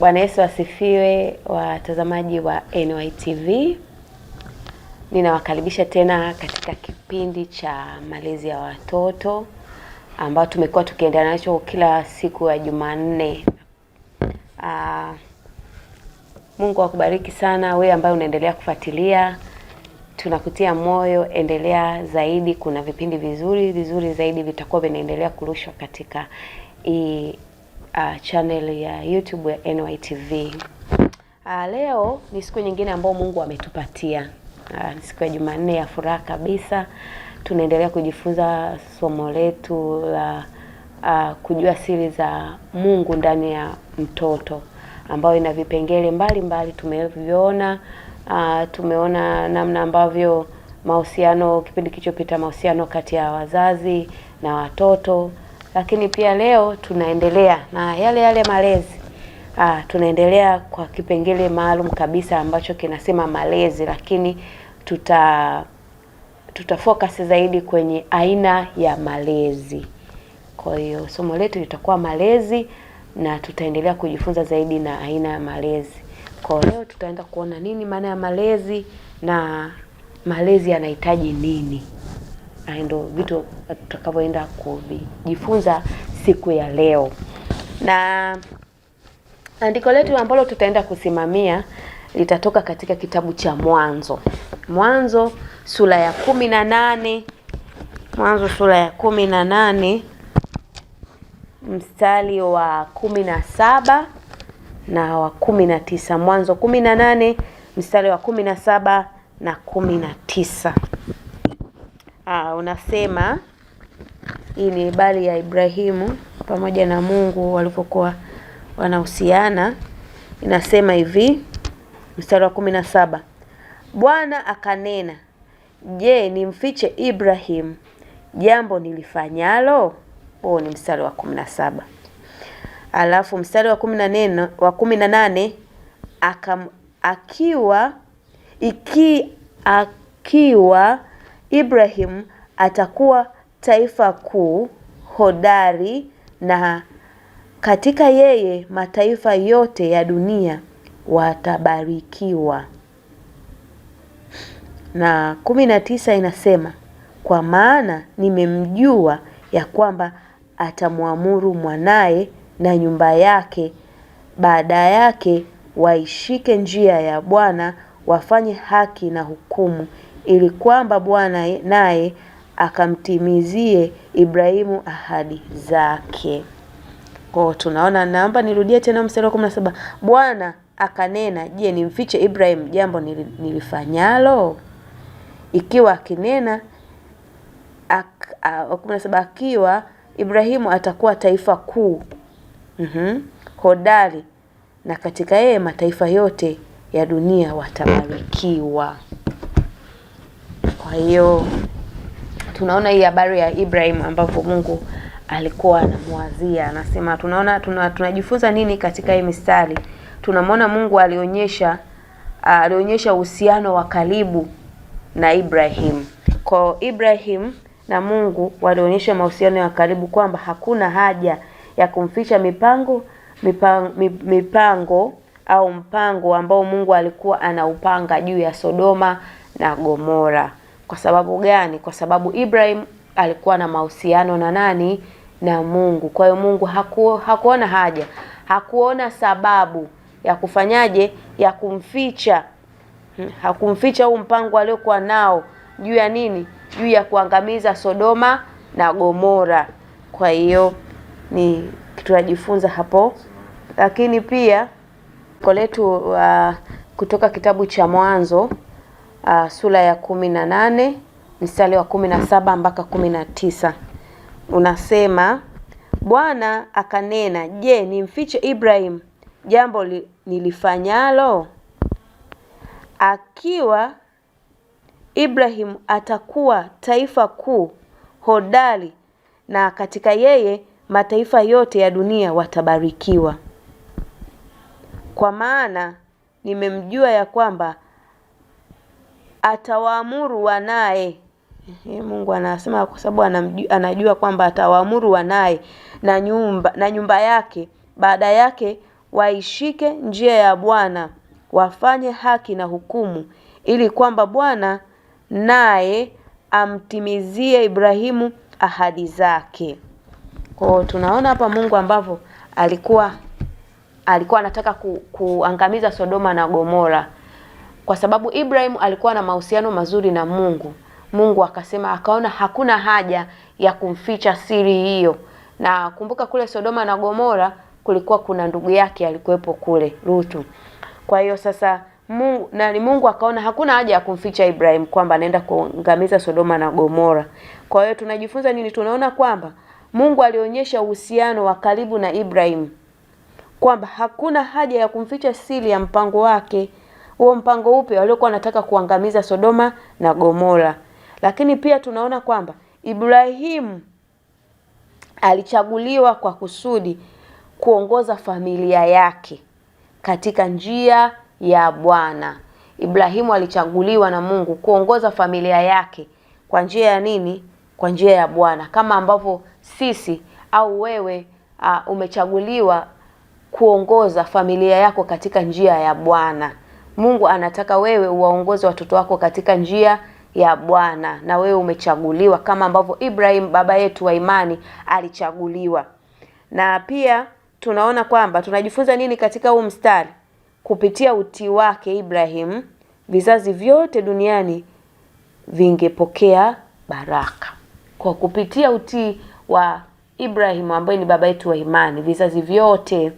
Bwana Yesu asifiwe, watazamaji wa NYTV. Ninawakaribisha tena katika kipindi cha malezi ya watoto ambao tumekuwa tukiendelea nacho kila siku ya Jumanne. Ah, Mungu akubariki sana wewe ambaye unaendelea kufuatilia. Tunakutia moyo, endelea zaidi. Kuna vipindi vizuri vizuri zaidi vitakuwa vinaendelea kurushwa katika hii uh, channel ya YouTube ya NYTV. Uh, leo ni siku nyingine ambayo Mungu ametupatia. Uh, ni siku ya Jumanne ya furaha kabisa. Tunaendelea kujifunza somo letu la uh, kujua siri za Mungu ndani ya mtoto ambayo ina vipengele mbalimbali tumeviona. Uh, tumeona namna ambavyo mahusiano, kipindi kilichopita, mahusiano kati ya wazazi na watoto lakini pia leo tunaendelea na yale yale malezi. Ah, tunaendelea kwa kipengele maalum kabisa ambacho kinasema malezi, lakini tuta tutafocus zaidi kwenye aina ya malezi. Kwa hiyo somo letu litakuwa malezi na tutaendelea kujifunza zaidi na aina ya malezi. Kwa leo tutaenda kuona nini maana ya malezi na malezi yanahitaji nini na ndio vitu tutakavyoenda kuvijifunza siku ya leo. Na andiko letu ambalo tutaenda kusimamia litatoka katika kitabu cha Mwanzo, Mwanzo sura ya kumi na nane Mwanzo sura ya kumi na nane mstari wa kumi na saba na wa kumi na tisa Mwanzo kumi na nane mstari wa kumi na saba na kumi na tisa. Aa, ah, unasema hii ni habari ya Ibrahimu pamoja na Mungu walipokuwa wanahusiana. Inasema hivi mstari wa kumi na saba Bwana akanena, je, nimfiche Ibrahimu jambo nilifanyalo? Huo ni mstari wa kumi na saba alafu mstari wa kumi na wa kumi na nane akam, akiwa iki, akiwa Ibrahim atakuwa taifa kuu, hodari na katika yeye mataifa yote ya dunia watabarikiwa. Na kumi na tisa inasema kwa maana nimemjua ya kwamba atamwamuru mwanaye na nyumba yake baada yake waishike njia ya Bwana, wafanye haki na hukumu, ili kwamba Bwana naye akamtimizie Ibrahimu ahadi zake. Kwa tunaona, naomba nirudie tena mstari wa saba. Bwana akanena, je, nimfiche Ibrahimu jambo nilifanyalo? Ikiwa akinena ak, kumi na saba, akiwa Ibrahimu atakuwa taifa kuu mm-hmm, hodari na katika yeye mataifa yote ya dunia watabarikiwa. Kwa hiyo tunaona hii habari ya Ibrahim ambapo Mungu alikuwa anamwazia, anasema tunaona tuna, tunajifunza nini katika hii mistari? Tunamwona Mungu alionyesha alionyesha uhusiano wa karibu na Ibrahim. Kwa Ibrahim na Mungu walionyesha mahusiano ya karibu kwamba hakuna haja ya kumficha mipango mipango, mipango au mpango ambao Mungu alikuwa anaupanga juu ya Sodoma na Gomora. Kwa sababu gani? Kwa sababu Ibrahim alikuwa na mahusiano na nani? Na Mungu. Kwa hiyo Mungu haku, hakuona haja, hakuona sababu ya kufanyaje, ya kumficha, hmm, hakumficha huu mpango aliokuwa nao juu ya nini? Juu ya kuangamiza Sodoma na Gomora. Kwa hiyo ni tunajifunza hapo, lakini pia koletu uh, kutoka kitabu cha Mwanzo uh, sura ya kumi na nane mstari wa kumi na saba mpaka kumi na tisa unasema Bwana akanena, je, nimfiche Ibrahim jambo li, nilifanyalo? Akiwa Ibrahim atakuwa taifa kuu hodari, na katika yeye mataifa yote ya dunia watabarikiwa, kwa maana nimemjua ya kwamba atawaamuru wanaye Mungu anasema kwa sababu anamjua, anajua kwamba atawaamuru wanaye na nyumba na nyumba yake baada yake waishike njia ya Bwana wafanye haki na hukumu ili kwamba Bwana naye amtimizie Ibrahimu ahadi zake. Kwa tunaona hapa Mungu ambavyo alikuwa alikuwa anataka ku, kuangamiza Sodoma na Gomora kwa sababu Ibrahim alikuwa na mahusiano mazuri na Mungu. Mungu akasema, akaona hakuna haja ya kumficha siri hiyo. Na kumbuka kule Sodoma na Gomora kulikuwa kuna ndugu yake alikuwepo kule Lutu. Kwa hiyo sasa Mungu, na ni Mungu akaona hakuna haja ya kumficha Ibrahim kwamba anaenda kuangamiza Sodoma na Gomora. Kwa hiyo tunajifunza nini? Tunaona kwamba Mungu alionyesha uhusiano wa karibu na Ibrahim kwamba hakuna haja ya kumficha siri ya mpango wake huo mpango upya waliokuwa wanataka kuangamiza Sodoma na Gomora. Lakini pia tunaona kwamba Ibrahimu alichaguliwa kwa kusudi kuongoza familia yake katika njia ya Bwana. Ibrahimu alichaguliwa na Mungu kuongoza familia yake kwa njia ya nini? Kwa njia ya Bwana, kama ambavyo sisi au wewe uh, umechaguliwa kuongoza familia yako katika njia ya Bwana. Mungu anataka wewe uwaongoze watoto wako katika njia ya Bwana, na wewe umechaguliwa kama ambavyo Ibrahim baba yetu wa imani alichaguliwa. Na pia tunaona kwamba tunajifunza nini katika huu mstari? Kupitia utii wake Ibrahim, vizazi vyote duniani vingepokea baraka. Kwa kupitia utii wa Ibrahim ambaye ni baba yetu wa imani, vizazi vyote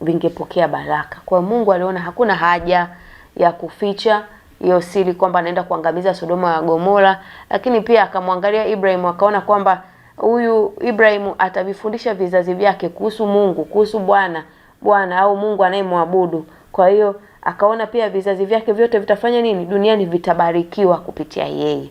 vingepokea baraka. Kwa Mungu aliona hakuna haja ya kuficha hiyo siri kwamba anaenda kuangamiza Sodoma na Gomora, lakini pia akamwangalia Ibrahimu akaona kwamba huyu Ibrahimu atavifundisha vizazi vyake kuhusu Mungu, kuhusu Bwana Bwana au Mungu anayemwabudu. Kwa hiyo akaona pia vizazi vyake vyote vitafanya nini duniani, vitabarikiwa kupitia yeye.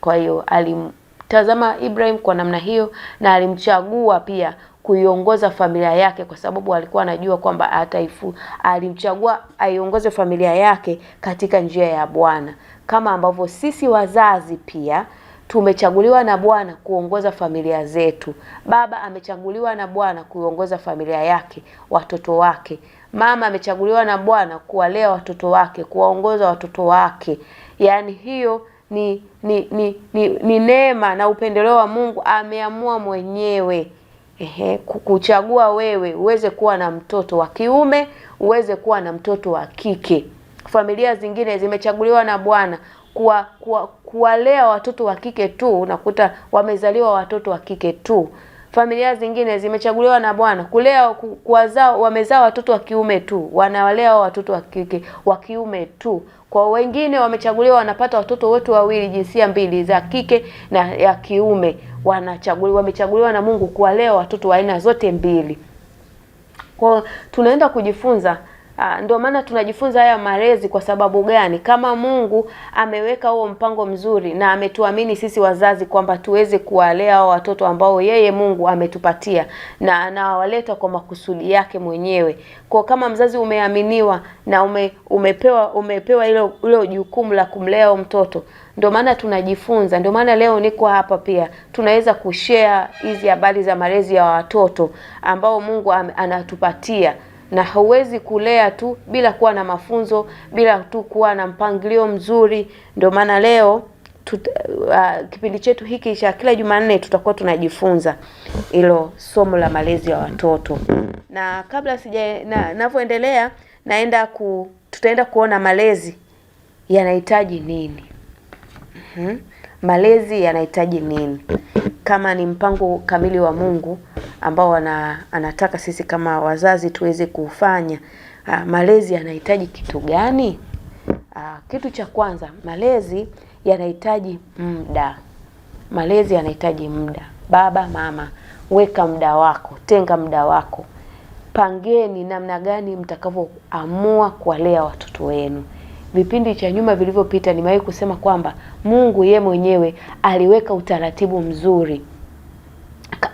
Kwa hiyo alimtazama Ibrahim kwa namna hiyo na alimchagua pia kuiongoza familia yake, kwa sababu alikuwa anajua kwamba ataifu, alimchagua aiongoze familia yake katika njia ya Bwana, kama ambavyo sisi wazazi pia tumechaguliwa na Bwana kuongoza familia zetu. Baba amechaguliwa na Bwana kuiongoza familia yake, watoto wake. Mama amechaguliwa na Bwana kuwalea watoto wake, kuwaongoza watoto wake. Yaani hiyo ni ni ni, ni, ni neema na upendeleo wa Mungu ameamua mwenyewe ehe, kuchagua wewe uweze kuwa na mtoto wa kiume, uweze kuwa na mtoto wa kike. Familia zingine zimechaguliwa na Bwana kuwa, kuwa, kuwalea watoto wa kike tu, unakuta wamezaliwa watoto wa kike tu. Familia zingine zimechaguliwa na Bwana kulea kuwazaa, wamezaa watoto wa kiume tu, wanawalea watoto wa kike wa kiume tu. Kwa wengine wamechaguliwa, wanapata watoto wote wawili, jinsia mbili za kike na ya kiume, wanachaguliwa, wamechaguliwa na Mungu kuwalea watoto wa aina zote mbili. Kwa tunaenda kujifunza Ah, ndio maana tunajifunza haya malezi. Kwa sababu gani? Kama Mungu ameweka huo mpango mzuri na ametuamini sisi wazazi kwamba tuweze kuwalea hao watoto ambao yeye Mungu ametupatia na anawaleta kwa makusudi yake mwenyewe. Kwa kama mzazi umeaminiwa na ume, umepewa umepewa hilo hilo jukumu la kumlea mtoto, ndio maana tunajifunza. Ndio maana leo niko hapa pia tunaweza kushare hizi habari za malezi ya watoto ambao Mungu anatupatia na huwezi kulea tu bila kuwa na mafunzo, bila tu kuwa na mpangilio mzuri. Ndio maana leo tut, uh, kipindi chetu hiki cha kila Jumanne tutakuwa tunajifunza hilo somo la malezi ya watoto, na kabla sija navyoendelea naenda ku, tutaenda kuona malezi yanahitaji nini. Mm-hmm. Malezi yanahitaji nini? kama ni mpango kamili wa Mungu ambao ana, anataka sisi kama wazazi tuweze kufanya. Uh, malezi yanahitaji kitu gani? Uh, kitu cha kwanza malezi yanahitaji muda. Malezi yanahitaji muda. Baba, mama, weka muda wako, tenga muda wako, pangeni namna gani mtakavyoamua kuwalea watoto wenu vipindi cha nyuma vilivyopita, nimewahi kusema kwamba Mungu ye mwenyewe aliweka utaratibu mzuri,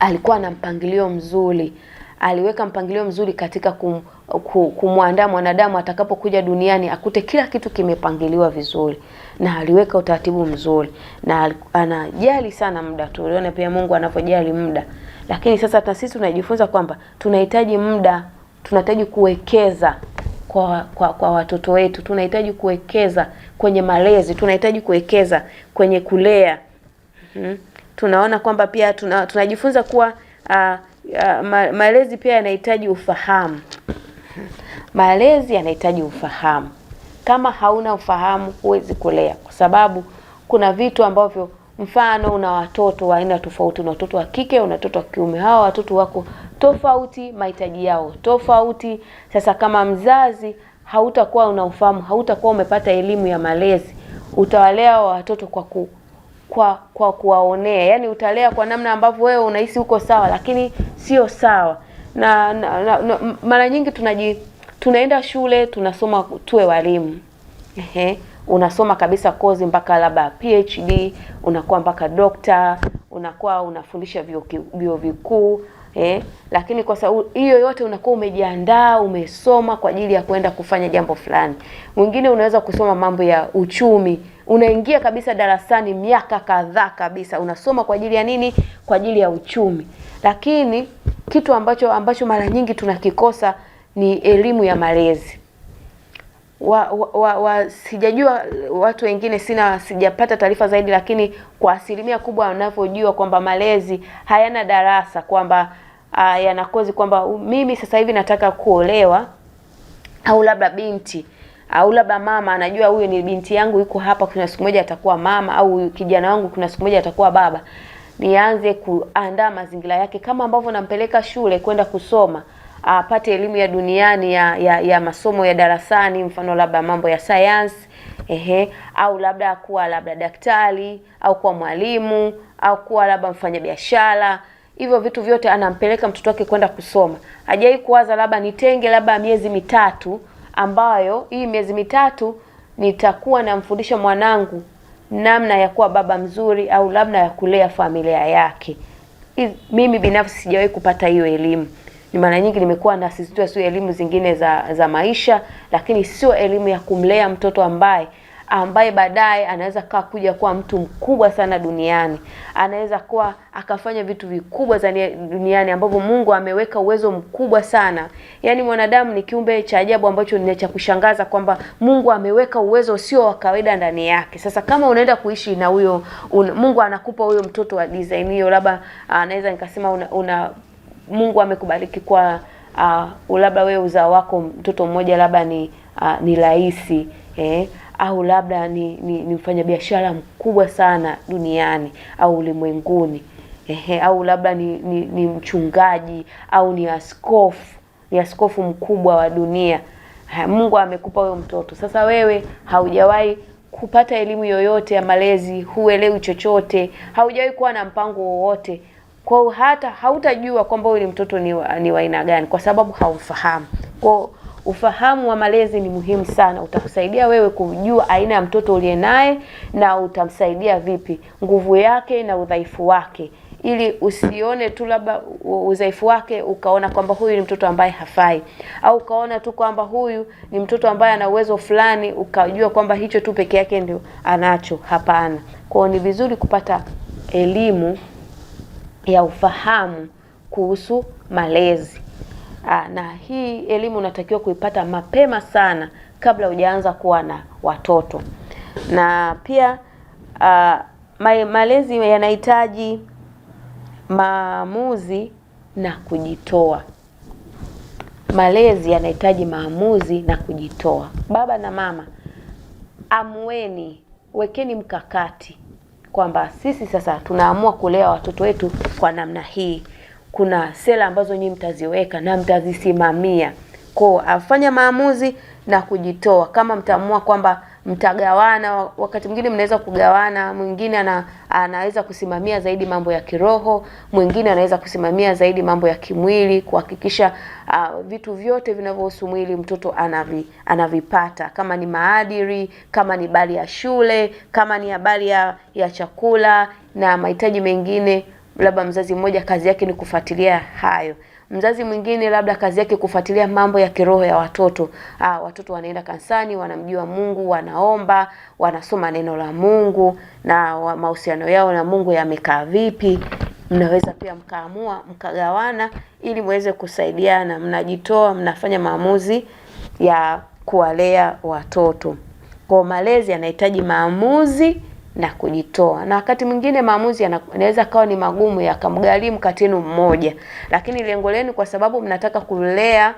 alikuwa na mpangilio mzuri, aliweka mpangilio mzuri katika kum, kumwandaa mwanadamu atakapokuja duniani akute kila kitu kimepangiliwa vizuri, na aliweka utaratibu mzuri, na anajali sana muda. Uliona pia Mungu anavyojali muda, lakini sasa hata sisi tunajifunza kwamba tunahitaji muda, tunahitaji kuwekeza kwa, kwa, kwa watoto wetu. Tunahitaji kuwekeza kwenye malezi, tunahitaji kuwekeza kwenye kulea. Mm-hmm. Tunaona kwamba pia tuna, tunajifunza kuwa uh, uh, malezi pia yanahitaji ufahamu. Malezi yanahitaji ufahamu. Kama hauna ufahamu huwezi kulea, kwa sababu kuna vitu ambavyo mfano una watoto wa aina tofauti, una watoto wa kike, una watoto wa kiume. Hawa watoto wako tofauti, mahitaji yao tofauti. Sasa kama mzazi hautakuwa unaufahamu, hautakuwa umepata elimu ya malezi, utawalea watoto kwa ku kwa kwa kuwaonea, yani utalea kwa namna ambavyo wewe unahisi uko sawa, lakini sio sawa. Na, na, na, na mara nyingi tunaji tunaenda shule tunasoma tuwe walimu, ehe, unasoma kabisa kozi mpaka labda PhD, unakuwa mpaka dokta, unakuwa unafundisha vyuo vikuu eh, lakini kwa sababu hiyo yote unakuwa umejiandaa, umesoma kwa ajili ya kwenda kufanya jambo fulani. Mwingine unaweza kusoma mambo ya uchumi, unaingia kabisa darasani miaka kadhaa kabisa unasoma kwa ajili ya nini? Kwa ajili ya uchumi. Lakini kitu ambacho ambacho mara nyingi tunakikosa ni elimu ya malezi wa, wa, wa, wa sijajua watu wengine, sina sijapata taarifa zaidi, lakini kwa asilimia kubwa wanavyojua kwamba malezi hayana darasa kwamba uh, ah, yanakozi kwamba mimi sasa hivi nataka kuolewa au labda binti au labda mama anajua huyu ni binti yangu yuko hapa, kuna siku moja atakuwa mama, au kijana wangu kuna siku moja atakuwa baba. Nianze kuandaa mazingira yake kama ambavyo nampeleka shule kwenda kusoma, apate elimu ya duniani ya, ya, ya masomo ya darasani, mfano labda mambo ya sayansi ehe, au labda kuwa labda daktari au kuwa mwalimu au kuwa labda mfanyabiashara hivyo vitu vyote anampeleka mtoto wake kwenda kusoma. Hajai kuwaza labda nitenge labda miezi mitatu, ambayo hii miezi mitatu nitakuwa namfundisha mwanangu namna ya kuwa baba mzuri au labda ya kulea familia yake. Mimi binafsi sijawahi kupata hiyo elimu. Ni mara nyingi nimekuwa nasisitiza sio elimu zingine za, za maisha, lakini sio elimu ya kumlea mtoto ambaye ambaye baadaye anaweza kaa kuja kuwa mtu mkubwa sana duniani, anaweza kuwa akafanya vitu vikubwa zani duniani ambavyo Mungu ameweka uwezo mkubwa sana. Yaani mwanadamu ni kiumbe cha ajabu ambacho ni cha kushangaza kwamba Mungu ameweka uwezo sio wa kawaida ndani yake. Sasa kama unaenda kuishi na huyo un, Mungu anakupa huyo mtoto wa design hiyo, labda anaweza ah, nikasema una, una Mungu amekubariki kwa uh, labda wewe uzao wako mtoto mmoja labda ni uh, ni rahisi eh au labda ni, ni, ni mfanyabiashara mkubwa sana duniani au ulimwenguni ehe, au labda ni, ni, ni mchungaji au ni askofu, ni askofu mkubwa wa dunia. Mungu amekupa huyo mtoto. Sasa wewe haujawahi kupata elimu yoyote ya malezi, huelewi chochote, haujawahi kuwa na mpango wowote kwa hata hautajua kwamba huyu mtoto ni wa aina gani, kwa sababu haumfahamu. Kwa Ufahamu wa malezi ni muhimu sana, utakusaidia wewe kujua aina ya mtoto uliye naye na utamsaidia vipi, nguvu yake na udhaifu wake, ili usione tu labda udhaifu wake ukaona kwamba huyu ni mtoto ambaye hafai, au ukaona tu kwamba huyu ni mtoto ambaye ana uwezo fulani, ukajua kwamba hicho tu peke yake ndio anacho. Hapana, kwao ni vizuri kupata elimu ya ufahamu kuhusu malezi. Aa, ah, na hii elimu unatakiwa kuipata mapema sana kabla hujaanza kuwa na watoto, na pia aa, ah, malezi yanahitaji maamuzi na kujitoa. Malezi yanahitaji maamuzi na kujitoa. Baba na mama, amueni, wekeni mkakati kwamba sisi sasa tunaamua kulea watoto wetu kwa namna hii kuna sera ambazo nyinyi mtaziweka na mtazisimamia, kwa afanya maamuzi na kujitoa. Kama mtaamua kwamba mtagawana, wakati mwingine mnaweza kugawana, mwingine ana, anaweza kusimamia zaidi mambo ya kiroho, mwingine anaweza kusimamia zaidi mambo ya kimwili, kuhakikisha uh, vitu vyote vinavyohusu mwili mtoto anavi, anavipata, kama ni maadili, kama ni bali ya shule, kama ni habari ya, ya chakula na mahitaji mengine labda mzazi mmoja kazi yake ni kufuatilia hayo, mzazi mwingine labda kazi yake kufuatilia mambo ya kiroho ya watoto. Ah, watoto wanaenda kansani wanamjua Mungu, wanaomba, wanasoma neno la Mungu na mahusiano yao na Mungu yamekaa vipi? Mnaweza pia mkaamua mkagawana, ili muweze kusaidiana, mnajitoa, mnafanya maamuzi ya kuwalea watoto. Kwa malezi yanahitaji maamuzi na kujitoa. Na wakati mwingine maamuzi yanaweza kawa ni magumu, yakamgharimu kati yenu mmoja, lakini lengo lenu, kwa sababu mnataka kulea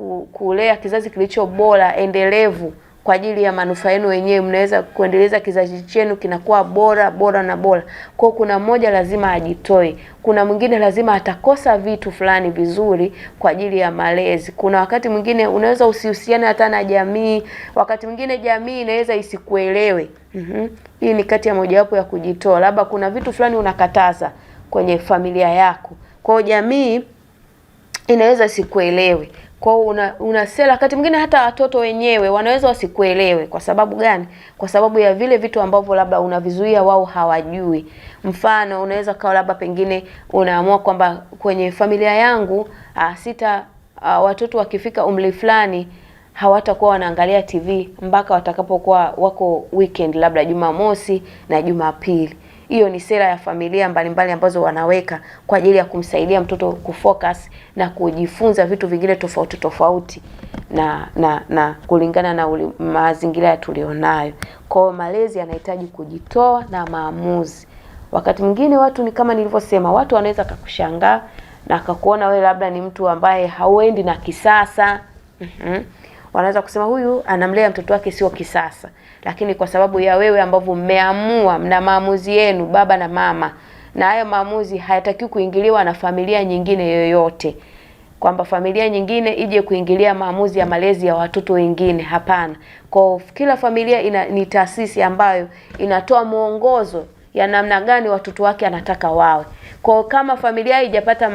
uh, kulea kizazi kilicho bora endelevu kwa ajili ya manufaa yenu wenyewe, mnaweza kuendeleza kizazi chenu kinakuwa bora bora na bora. Kwa kuna mmoja lazima ajitoe, kuna mwingine lazima atakosa vitu fulani vizuri kwa ajili ya malezi. Kuna wakati mwingine unaweza usihusiane hata na jamii, wakati mwingine jamii inaweza isikuelewe. Mm-hmm. Hii ni kati ya mojawapo ya kujitoa, labda kuna vitu fulani unakataza kwenye familia yako, kwa jamii inaweza isikuelewe kwa una, una sela. Wakati mwingine hata watoto wenyewe wanaweza wasikuelewe. Kwa sababu gani? Kwa sababu ya vile vitu ambavyo labda unavizuia wao hawajui. Mfano, unaweza kawa labda pengine unaamua kwamba kwenye familia yangu a, ah, sita a, ah, watoto wakifika umri fulani hawatakuwa wanaangalia TV mpaka watakapokuwa wako weekend, labda Jumamosi na Jumapili hiyo ni sera ya familia mbalimbali mbali ambazo wanaweka kwa ajili ya kumsaidia mtoto kufocus na kujifunza vitu vingine tofauti tofauti na na na kulingana na mazingira tulionayo. Kwa hiyo malezi yanahitaji kujitoa na maamuzi. Wakati mwingine watu ni kama nilivyosema, watu wanaweza kakushangaa na akakuona wewe labda ni mtu ambaye hauendi na kisasa. mm -hmm wanaweza kusema huyu anamlea mtoto wake sio kisasa, lakini kwa sababu ya wewe ambavyo mmeamua, mna maamuzi yenu baba na mama, na hayo maamuzi hayatakiwi kuingiliwa na familia nyingine yoyote, kwamba familia nyingine ije kuingilia maamuzi ya malezi ya watoto wengine. Hapana, kwa kila familia ina, ni taasisi ambayo inatoa mwongozo ya namna gani watoto wake anataka wawe. Kwa kama familia haijapata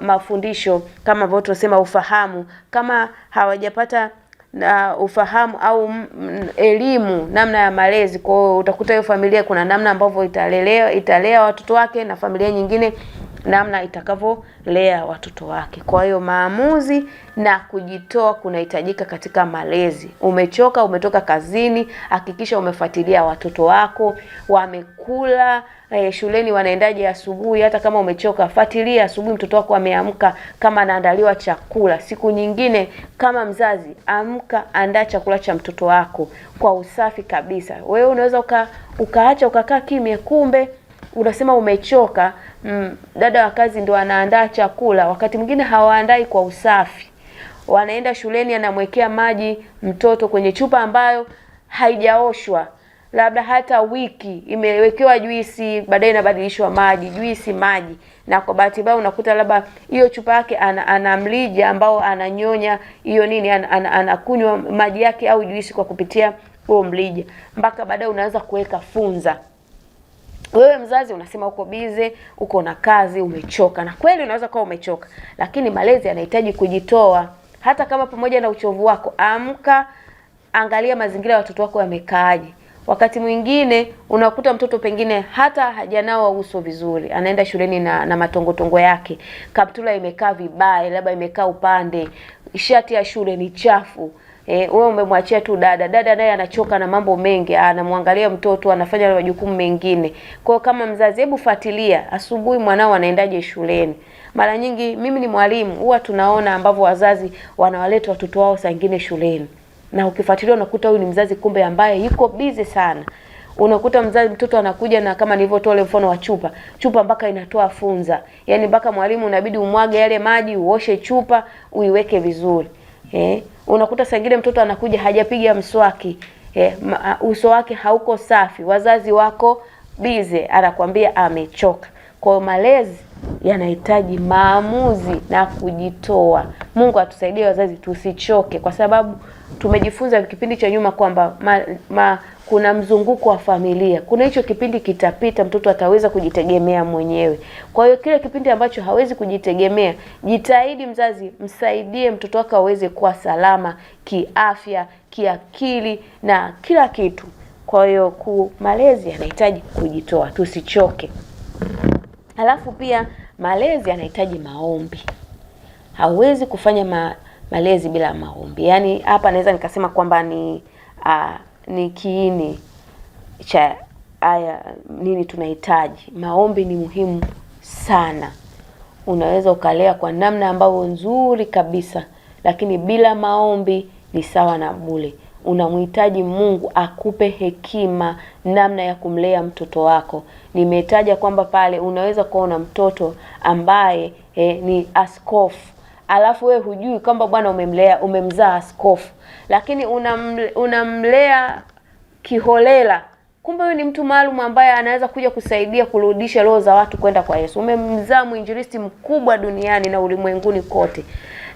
mafundisho ma, ma, ma, ma kama ambavyo tunasema ufahamu, kama hawajapata na uh, ufahamu au m, m, elimu namna ya malezi. Kwa utakuta hiyo familia kuna namna ambavyo italelea italea watoto wake na familia nyingine namna itakavyolea watoto wake. Kwa hiyo maamuzi na kujitoa kunahitajika katika malezi. Umechoka, umetoka kazini, hakikisha umefuatilia watoto wako wamekula, eh, shuleni wanaendaje asubuhi. Hata kama umechoka, fuatilia asubuhi mtoto wako ameamka, kama anaandaliwa chakula. Siku nyingine kama mzazi, amka, andaa chakula cha mtoto wako kwa usafi kabisa. Wewe unaweza uka, ukaacha ukakaa kimya, kumbe unasema umechoka mm, dada wa kazi ndo anaandaa chakula, wakati mwingine hawaandai kwa usafi, wanaenda shuleni, anamwekea maji mtoto kwenye chupa ambayo haijaoshwa labda hata wiki imewekewa juisi, baadaye inabadilishwa maji, juisi maji, na kwa bahati mbaya unakuta labda hiyo chupa yake ana, ana mlija ambao ananyonya hiyo nini, anakunywa ana, ana maji yake au juisi kwa kupitia huo mlija, mpaka baadaye unaanza kuweka funza. Wewe mzazi unasema uko bize, uko na kazi, umechoka, na kweli unaweza kuwa umechoka, lakini malezi yanahitaji kujitoa, hata kama pamoja na uchovu wako. Amka, angalia mazingira ya watoto wako yamekaaje. Wakati mwingine unakuta mtoto pengine hata hajanawa uso vizuri, anaenda shuleni na, na matongotongo yake, kaptula imekaa vibaya, labda imekaa upande, shati ya shule ni chafu. Eh, wewe umemwachia tu dada. Dada naye anachoka na mambo mengi, anamwangalia mtoto, anafanya majukumu mengine. Kwa kama mzazi, hebu fuatilia asubuhi mwanao anaendaje shuleni. Mara nyingi mimi ni mwalimu, huwa tunaona ambavyo wazazi wanawaleta watoto wao saa nyingine shuleni, na ukifuatilia unakuta huyu ni mzazi kumbe ambaye yuko busy sana unakuta mzazi mtoto anakuja na kama nilivyotoa ile mfano wa chupa chupa, mpaka inatoa funza, yaani mpaka mwalimu unabidi umwage yale maji, uoshe chupa, uiweke vizuri eh. Unakuta saa ingine mtoto anakuja hajapiga mswaki eh, uso wake hauko safi, wazazi wako bize, anakwambia amechoka. Kwa hiyo malezi yanahitaji maamuzi na kujitoa. Mungu atusaidie wazazi tusichoke, kwa sababu tumejifunza kipindi cha nyuma kwamba ma, ma, kuna mzunguko wa familia, kuna hicho kipindi kitapita, mtoto ataweza kujitegemea mwenyewe. Kwa hiyo kile kipindi ambacho hawezi kujitegemea, jitahidi mzazi, msaidie mtoto wako aweze kuwa salama kiafya, kiakili na kila kitu. Kwa hiyo ku malezi yanahitaji kujitoa, tusichoke. Alafu pia malezi yanahitaji maombi, hauwezi kufanya ma, malezi bila maombi. Yaani hapa naweza nikasema kwamba ni uh, ni kiini cha aya nini tunahitaji. Maombi ni muhimu sana, unaweza ukalea kwa namna ambayo nzuri kabisa, lakini bila maombi ni sawa na bule Unamhitaji Mungu akupe hekima namna ya kumlea mtoto wako. Nimetaja kwamba pale unaweza kuona mtoto ambaye eh, ni askofu alafu we hujui kwamba bwana umemlea umemzaa askofu, lakini unamlea, unamlea kiholela kumbe huyu ni mtu maalum ambaye anaweza kuja kusaidia kurudisha roho za watu kwenda kwa Yesu. Umemzaa mwinjilisti mkubwa duniani na ulimwenguni kote,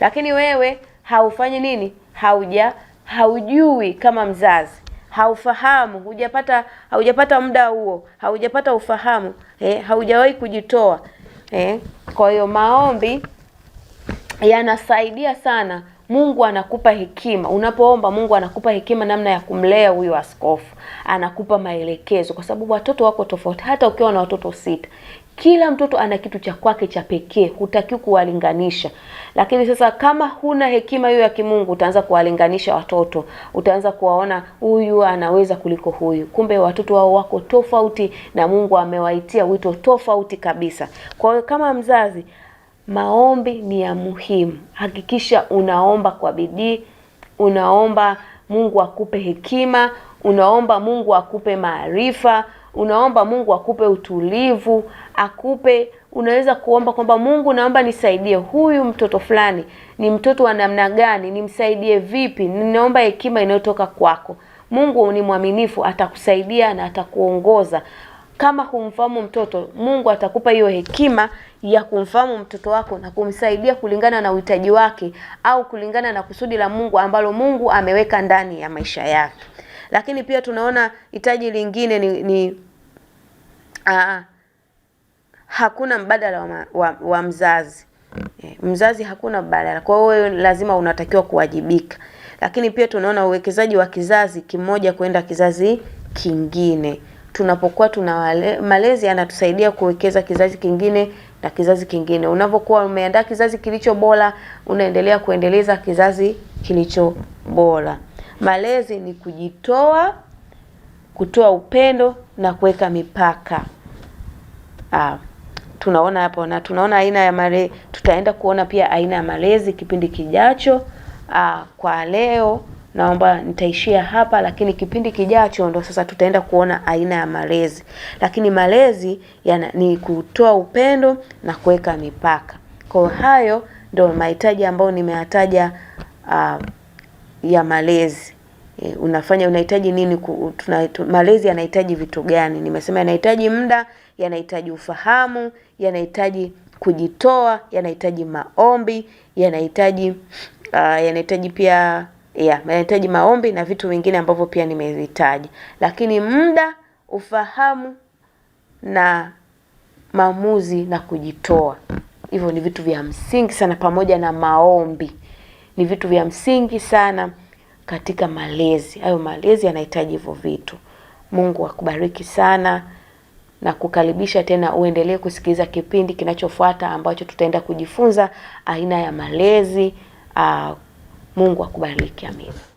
lakini wewe haufanyi nini? Hauja haujui kama mzazi, haufahamu, hujapata haujapata muda huo, haujapata ufahamu eh, haujawahi kujitoa eh. Kwa hiyo maombi yanasaidia sana. Mungu anakupa hekima unapoomba. Mungu anakupa hekima namna ya kumlea huyo askofu, anakupa maelekezo, kwa sababu watoto wako tofauti. Hata ukiwa na watoto sita, kila mtoto ana kitu cha kwake cha pekee, hutaki kuwalinganisha. Lakini sasa kama huna hekima hiyo ya kimungu, utaanza kuwalinganisha watoto, utaanza kuwaona huyu anaweza kuliko huyu, kumbe watoto wao wako tofauti na Mungu amewaitia wito tofauti kabisa. Kwa hiyo kama mzazi Maombi ni ya muhimu. Hakikisha unaomba kwa bidii, unaomba Mungu akupe hekima, unaomba Mungu akupe maarifa, unaomba Mungu akupe utulivu, akupe unaweza kuomba kwamba Mungu, naomba nisaidie huyu mtoto fulani, ni mtoto wa namna gani, nimsaidie vipi? Ninaomba hekima inayotoka kwako. Mungu ni mwaminifu, atakusaidia na atakuongoza. Kama humfahamu mtoto, Mungu atakupa hiyo hekima ya kumfahamu mtoto wako na kumsaidia kulingana na uhitaji wake au kulingana na kusudi la Mungu ambalo Mungu ameweka ndani ya maisha yake. Lakini pia tunaona hitaji lingine ni, ni aa, hakuna mbadala wa, wa, wa mzazi e, mzazi hakuna mbadala. Kwa hiyo wewe lazima unatakiwa kuwajibika, lakini pia tunaona uwekezaji wa kizazi kimoja kwenda kizazi kingine tunapokuwa tuna wale, malezi yanatusaidia kuwekeza kizazi kingine na kizazi kingine. Unapokuwa umeandaa kizazi kilicho bora, unaendelea kuendeleza kizazi kilicho bora. Malezi ni kujitoa, kutoa upendo na kuweka mipaka. Ah, tunaona hapo na tunaona aina ya male, Tutaenda kuona pia aina ya malezi kipindi kijacho. Ah, kwa leo naomba nitaishia hapa, lakini kipindi kijacho ndo sasa tutaenda kuona aina ya malezi. Lakini malezi yana, ni kutoa upendo na kuweka mipaka. Kwa hayo ndo mahitaji ambayo nimeyataja uh, ya malezi. E, unafanya unahitaji nini ku, tuna, tu, malezi yanahitaji vitu gani? Nimesema yanahitaji muda, yanahitaji ufahamu, yanahitaji kujitoa, yanahitaji maombi, yanahitaji uh, yanahitaji pia yeah, mahitaji maombi na vitu vingine ambavyo pia nimevitaja, lakini muda, ufahamu na maamuzi na kujitoa, hivyo ni vitu vya msingi sana, pamoja na maombi ni vitu vya msingi sana katika malezi. Hayo malezi yanahitaji hivyo vitu. Mungu akubariki sana na kukaribisha tena uendelee kusikiliza kipindi kinachofuata ambacho tutaenda kujifunza aina ya malezi aa, ah, Mungu akubariki. Amina.